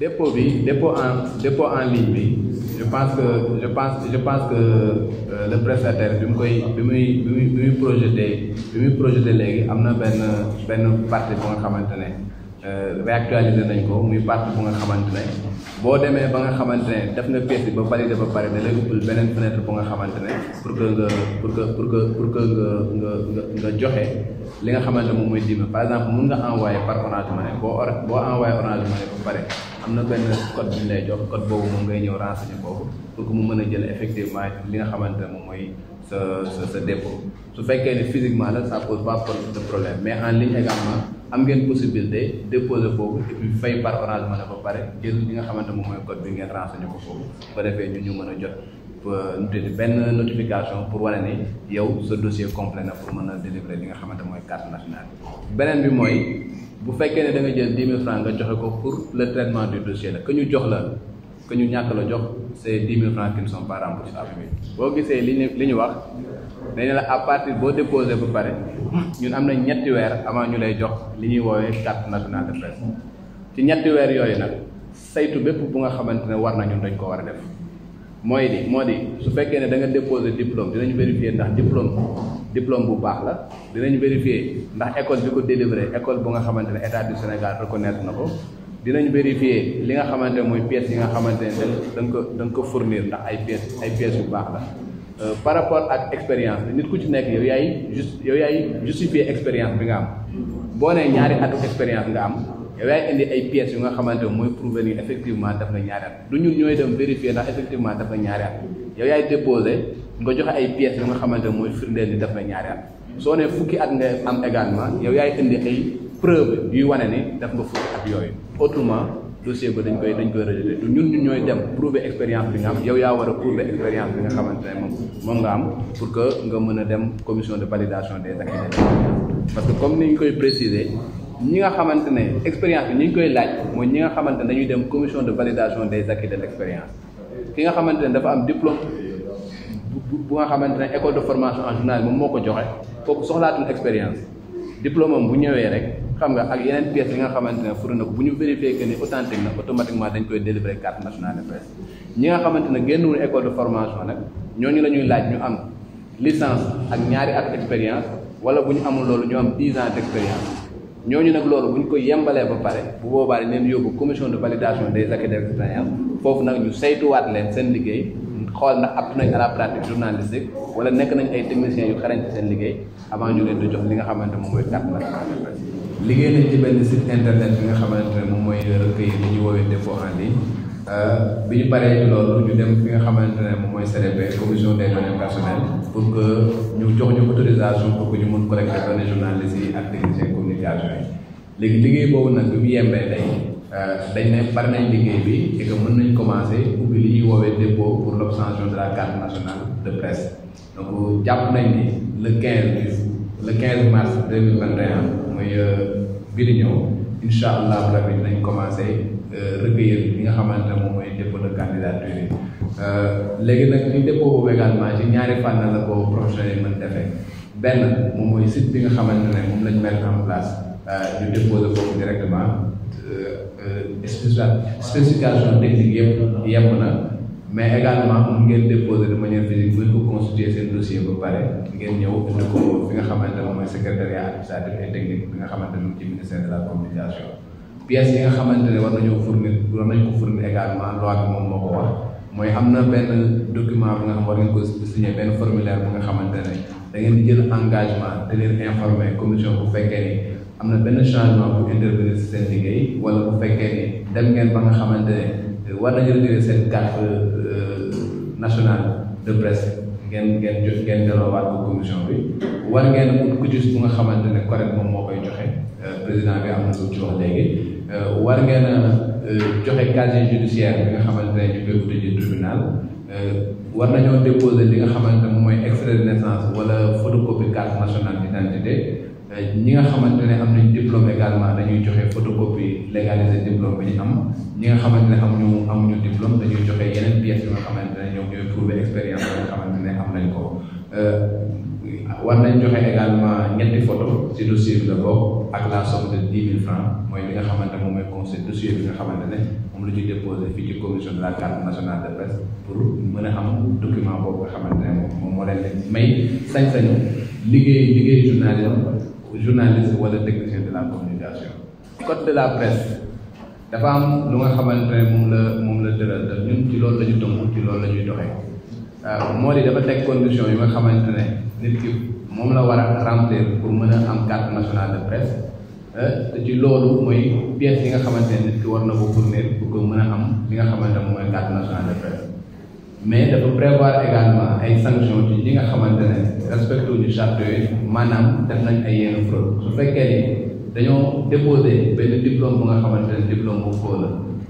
dépôt bi dépôt en dépôt en ligne bi je pense que je pense je pense que euh, le prestataire bi mu koy bi muy bi muy bi muy projeté bi muy projeté léegi am na benn benn partie bu nga xamante ne euh, réactualisé nañ ko muy partie bu nga xamante ne boo demee ba nga xamante ne def nga pièce bi bari validé ba pare da lay ubbil beneen fenêtre bu nga xamante ne pour que nga pour que pour que pour que nga nga nga joxe li nga xamante moom mooy dimbali par exemple mun nga envoyé par Orange Money boo am na benn code bi ñu lay jox code boobu moom ngay ñëw renseigné boobu pour que mu mën a jël effectivement li nga xamante ne moom mooy sa sa sa su fekkee ne physiquement la ça pose pas de problème mais en ligne également am ngeen possibilité déposer foofu et puis fay par orange mën a ba pare jël li nga xamante moom mooy code bi ngeen renseigné ko foofu ba defee ñu ñu mën a jot euh, benn notification pour wane ni yow sa dossier complet na pour mën a délivrer li nga xamante mooy carte nationale bu fekkee ne da nga jël dix mille francs nga joxe ko pour le traitement du dossier la que ñu jox la que ñu ñàkk la jox c'est dix mille francs qui ne sont pas boo gisee li ñu li ñu wax dañu la à partir boo déposé ba pare ñun am na ñetti weer avant ñu lay jox li ñuy woowee carte nationale de presse ci ñetti weer yooyu nag saytu bépp bu nga xamante ne war na ñun dañ ko war a def mooy di moo di su fekkee ne da nga déposé diplôme dinañ vérifier ndax diplôme diplôme bu baax la dinañ vérifier ndax école bi ko délivré école bu nga xamante ne état du Sénégal reconnaître na ko dinañ vérifier li nga xamante ne mooy pièces yi nga xamante ne da nga ko da ko fournir ndax ay pièces ay pièces bu baax la euh, par rapport ak expérience bi nit ku ci nekk yow yaay juste yow yaay justifier expérience bi nga am boo nee ñaari atu expérience nga am yow yaay indi ay pièces yu nga xamante mooy prouver ni effectivement def nga ñaari du ñun ñooy dem vérifier ndax effectivement def nga ñaari at yow yaay déposé nga ay pièces yu nga xamante mooy firndeel ni def nga ñaari soo ne fukki at nga am également yow yaay indi ay preuve yuy wane ni def nga fukki at yooyu autrement dossier dañ koy dañ koy rejeté ñu ñooy dem prouver expérience bi nga am yow yaa war a prouver expérience bi nga xamante moom nga am pour que nga mën a dem commission de validation des acquis parce que comme ni ñu koy préciser ñi nga xamante ne expérience yi ñu ngi koy laaj mooy ñi nga xamante ne dañuy dem commission de validation des acquis de l' expérience ki nga xamante ne dafa am diplôme bu nga xamante ne école de formation en journalisme moom moo ko joxe kooku soxlaatul expérience diplôme am bu ñëwee rek xam nga ak yeneen pièces yi nga xamante ne furu na ko bu ñu vérifier que ni authentique na automatiquement dañ koy délivrer carte nationale de presse ñi nga xamante ne génnul école de formation nag ñooñu la ñuy laaj ñu am licence ak ñaari at expérience wala bu ñu amul loolu ñu am 10 ans ñooñu nag loolu buñ koy yembalee ba pare bu boobaa dañ leen yóbbu commission de validation des acquis de l'expérience foofu nag ñu saytuwaat leen seen liggéey xool ndax apte na à la pratique journalistique wala nekk nañ ay techniciens yu xarañ ci seen liggéey avant ñu leen di jox li nga xamante moom mooy carte nationale liggéey nañ ci ni site internet bi nga xamante ne moom mooy recueil li ñu woowee dépôt en ligne euh, bi ñu paree loolu ñu dem fi nga xamante ne moom mooy CDP commission des pour ñu jox ñu autorisation pour ñu mun collecter données journalistes communication yi léegi liggéey boobu nag bi mu euh, dañ ne pare nañ liggéey bi et que mën nañ commencé ubbi li ñuy woowee dépôt pour l' obtention de la carte nationale de presse donc jàpp nañ le mars 2021 muy euh, bi di ñëw incha allah rabi dinañ commencé euh, recueillir bi nga xamante ne moom mooy dépôt de candidature yi léegi nag ñu dépôt boobu également ci ñaari fànn la ko professionnels yi mën defee. benn moom mooy site bi nga xamante ne moom lañ mettre en place euh, ñu déposer foofu directement euh, euh, spécification technique yëpp yem na mais également mun ngeen déposer de manière physique buñ ko constituer seen dossier ñëw indi ko fi nga xamante ne moom mooy secrétariat administratif et technique bi nga xamante ne ci ministère de la communication pièces yi nga xamante ne war nañoo fournir war nañ ko fournir également loi bi moom moo ko wax mooy am na benn document bu nga xam war ngeen ko signé benn formulaire bu nga xamante ne da ngeen di jël engagement te leen informé commission bu fekkee ni am na benn changement bu intervenir seen liggéey wala bu fekkee ni dem ngeen ba nga xamante ne war nañu retiré seen carte euh, nationale de presse ngeen ngeen jot ngeen delloowaat ko commission bi war ngeen ut kutis bu nga xamante ne correct moom moo koy joxe euh, président bi am na lu ci wax léegi Euh, war ngeen a euh, joxe casier judiciaire bi nga xamante ne ñu koy tëjee tribunal euh, war nañoo déposer li nga xamante ne mooy extrait de naissance wala photocopie carte nationale d'identité ñi nga xamante ne am nañ diplôme également dañuy joxe photocopie légalisée diplôme bi ñu am ñi nga xamante ne amuñu amuñu diplôme dañuy joxe yeneen pièces yi nga xamante ne ñoom ñooy expérience bi nga xamante ne am nañ ko war nañ joxe également ñetti photo ci dossier bi la bokk. à la somme de dix mille francs mooy bi nga xamante ne moom am document boobu nga moo leen leen may sañ-sañu liggéey liggéey journaliste journaliste wala technicien de la communication. code de la presse dafa am lu nga xamante ne moom la moom la dëral ñun ci loolu la ñu tënku ci loolu euh, moo di dafa teg moom la war a remplir pour mën a am carte nationale de presse. Eh, te ci loolu mooy pièce yi nga xamante ne nit ki war na ko pour pour ko mën a am li nga xamante ne mooy carte nationale de mais dafa prévoir également ay sanctions ci ñi nga xamante ne respecté wuñu charte yooyu maanaam def nañ ay yenn fraude su fekkee ni dañoo déposé benn diplôme bu nga xamante ne diplôme bu faux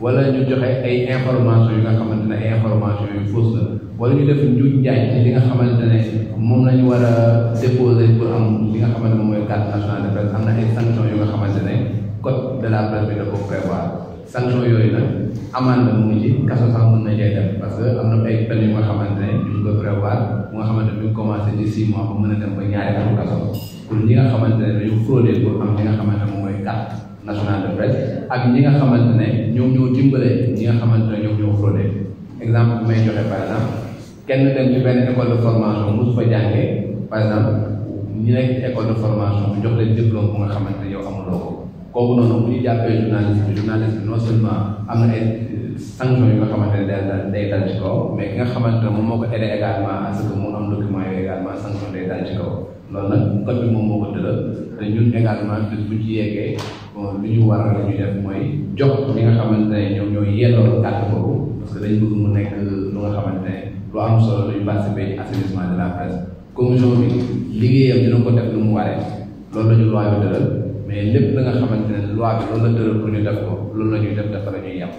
wala ñu joxe ay information yu nga xamante ne ay information yu fausse la wala ñu def njuuj njaaj ci li xamante ne moom la ñu war pour am li xamante mooy carte nationale de presse am na ay sanction kaso sax mën na dem parce que am na ay peine yu nga xamante ne ñu ko prévoir bu commencé ci six mois ba mën dem ba ñaari atu kaso pour ñi nga xamante ne dañu frauder pour national de presse ak ñi nga xamante ne ñoom ñoo dimbale ñi nga xamante ne ñoom ñoo fraudé exemple bi may joxe par exemple kenn dem ci par exemple ñi nekk école de formation bi jox leen diplôme bu nga xamante yow amuloo ko kooku noonu bu ñu jàppee journaliste bi non seulement am na euh, sanction yu nga xamante ne day dal day dal ci kaw mais ki nga xamante ne moom moo ko aidé également à ce que mu am document yooyu également sanction day dal ci kaw loolu nag code bi moom moo ko tëral te ñun également bis lu ñu war mooy jox ñi nga xamante ne ñoom ñooy yelloo kàddu boobu parce que dañ bëgg mu nekk lu nga xamante ne lu am solo luñu participer ko def lu mu waree loolu la ñu loi bi mais lépp la nga xamante ne loi bi loolu la tëral ñu def ko loolu la ñuy def dafa la ñuy yem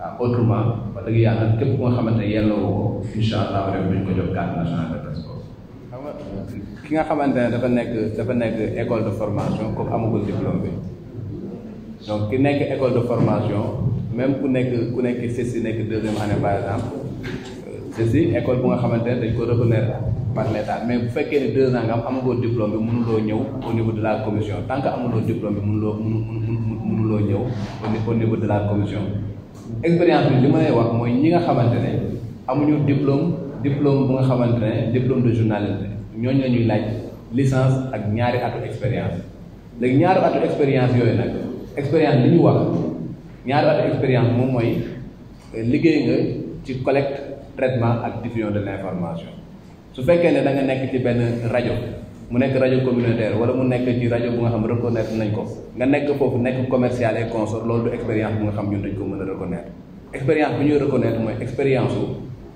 ah, autrement wax dëgg yàlla képp ku nga xamante ne yelloo ko incha allah rek bu ñu ko jox carte nationale de presse ki nga xamante ne dafa nekk dafa nekk école de formation kooku donc ki nekk école de formation même ku nekk ku nekk CESTI nekk deuxième année par exemple euh, CESTI école bu nga xamante ne dañ ko reconnaître par l'état mais bu fekkee ne deux ans nga am amagoo diplôme bi mënuloo ñëw au niveau de la commission tank que amuloo diplôme bi mënuloo mënuloo ñëw au niveau de la commission expérience bi li ma wax mooy ñi nga xamante ne amuñu diplôme diplôme bu nga xamante ne diplôme de journaliste ñooñ la ñuy laaj licence ak ñaari atu expérience léegi ñaari yooyu expérience li ñu wax ñaari at expérience moom mooy euh, liggéey nga ci collecte traitement ak diffusion de l'information su fekkee ne da nga nekk ci benn rajo mu nekk rajo communautaire wala mu nekk ci rajo bu nga xam reconnaître nañ ko nga nekk foofu nekk commercial et consort loolu du expérience bu nga xam ñun dañ ko mën a reconnaître expérience bi ñuy reconnaître mooy expérience su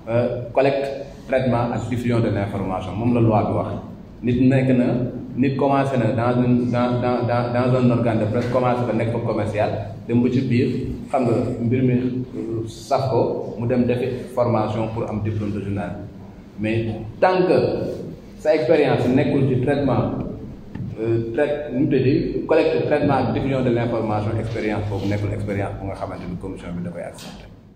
euh, collecte traitement ak diffusion de l'information moom la loi bi wax na nit commencé na dans une dans dans dans un organe de presse commencé ba nekk fa commercial dem ba ci biir xam nga mbir mi sax ko mu dem defi formation pour am diplôme de journal mais tant que sa expérience nekkul ci traitement euh, traite nu mu tëddee collecte traitement diffusion de l' information expérience boobu nekkul expérience bu nga xamante ni commission bi da koy accepté.